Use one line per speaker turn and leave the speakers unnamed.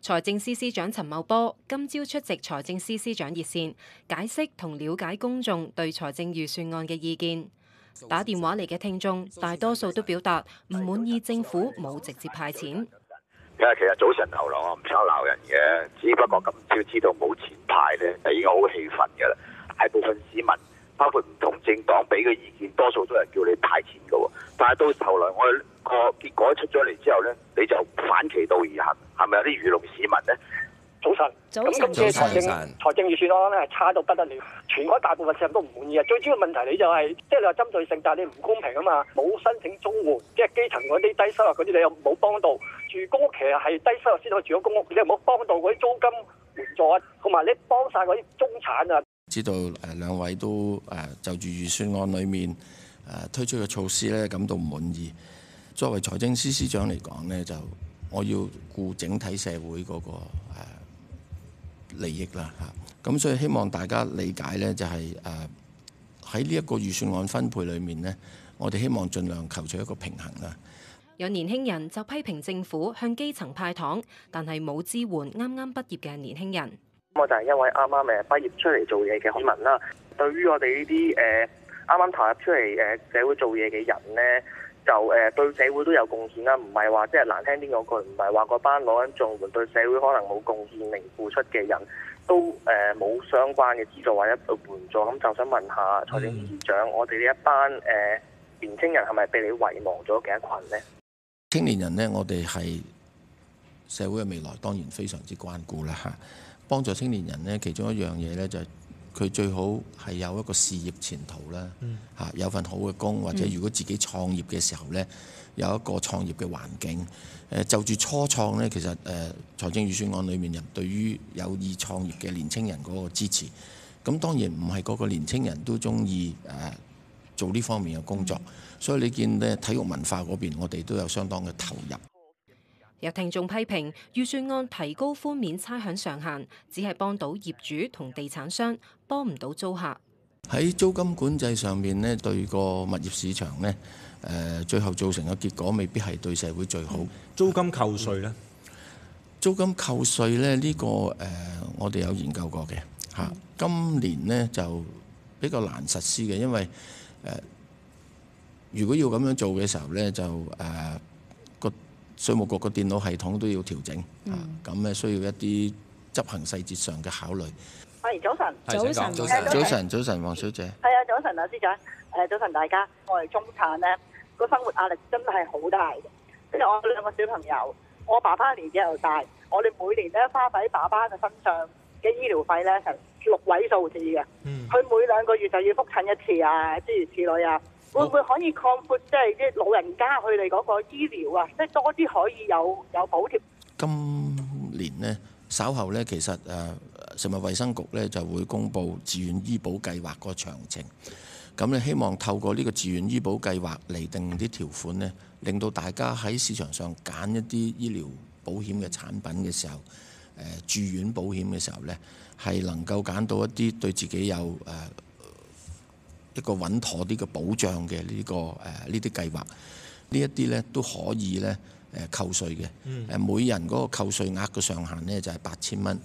財政司司長陳茂波今朝出席財政司司長熱線，解釋同了解公眾對財政預算案嘅意見。打電話嚟嘅聽眾，大多數都表達唔滿意政府冇直接派錢。其實其實早晨流浪，我唔想鬧人嘅，只不過
今朝知道冇錢派咧，第二個我好氣憤噶啦。係部分市民，包括唔同政黨俾嘅意見，多數都係叫你派錢㗎，但係到頭來我。個結果出咗嚟之後咧，你就反其道而行，係咪有啲愚弄市民咧？早晨，咁今次嘅財政財政預算案咧，差到不得了，全港大部分市民都唔滿意啊！最主要問題、就係就係、你就係，即係你話針對性，但係你唔公平啊嘛，冇申請綜援，即係基層嗰啲低收入嗰啲你又冇幫到，住公屋，其實係低收入先可以住到公屋，你又冇幫到嗰啲租金
援助啊，同埋你幫晒嗰啲中產啊，
知道兩位都誒、呃、就住預算案裏面誒、呃、推出嘅措施咧，感到唔滿意。作為財政司司長嚟講呢，就我要顧整體社會嗰個利益啦嚇。咁所以希望大家理解呢，就係誒喺呢一個預算案分配裏面呢，我哋希望儘量求取一個平衡啦。
有年輕人就批評政府向基層派糖，但係冇支援啱啱畢業嘅年輕人。
我就係一位啱啱誒畢業出嚟做嘢嘅市民啦。對於我哋呢啲誒啱啱投入出嚟誒社會做嘢嘅人呢，就誒、呃、對社會都有貢獻啦，唔係話即係難聽啲講句，唔係話個班攞緊綜援對社會可能冇貢獻，零付出嘅人都誒冇、呃、相關嘅資助或者援助，咁、嗯、就想問下財政司長，我哋呢一班誒、呃、年輕人係咪被你遺忘咗幾多群呢？青年人呢，我哋係社會嘅未來，當然非常之關顧啦嚇。幫助青年人呢，其中一樣嘢呢就係、是。佢最好係有一個事業前途啦，嗯、有份好嘅工，或者如果自己創業嘅時候呢，嗯、有一個創業嘅環境。就住初創呢，其實誒財政預算案裏面人對於有意創業嘅年青人嗰個支持。咁當然唔係個個年青人都中意做呢方面嘅工作，所以你見咧體育文化嗰邊，我哋都有相當嘅投入。
有聽眾批評預算案提高寬免差餉上限，只係幫到業主同地產商，幫唔到租客。
喺租金管制上面呢，對個物業市場呢，誒、呃，最後造成嘅結果未必係對社會最好。租金扣稅呢，租金扣稅呢，呢、呢個誒、呃，我哋有研究過嘅嚇。今年呢就比較難實施嘅，因為誒、呃，如果要咁樣做嘅時候呢，就誒。呃稅務局個電腦系統都要調整。嚇咁咧，需要一啲執行細節上嘅考慮。
係早晨，早晨，早晨，
早晨，黃小姐。
係啊，早晨啊，司長，誒，早晨大家，我哋中產咧個生活壓力真係好大嘅，跟住我兩個小朋友，我爸爸年紀又大，我哋每年咧花喺爸爸嘅身上嘅醫療費咧係六位數字嘅，佢、嗯、每兩個月就要覆診一次啊，諸如此類啊。會唔會可以擴闊即係即係老
人家佢哋嗰個醫療啊，即係多啲可以有有補貼？今年呢，稍後呢，其實誒食物衞生局呢就會公布自願醫保計劃個詳情。咁你希望透過呢個自願醫保計劃嚟定啲條款呢，令到大家喺市場上揀一啲醫療保險嘅產品嘅時候，住院保險嘅時候呢，係能夠揀到一啲對自己有誒。一個穩妥啲嘅保障嘅，這個呃、呢個誒，呢啲計劃呢一啲咧都可以咧誒、呃、扣稅嘅，誒、嗯，每人嗰個扣稅額嘅上限咧就係八千蚊。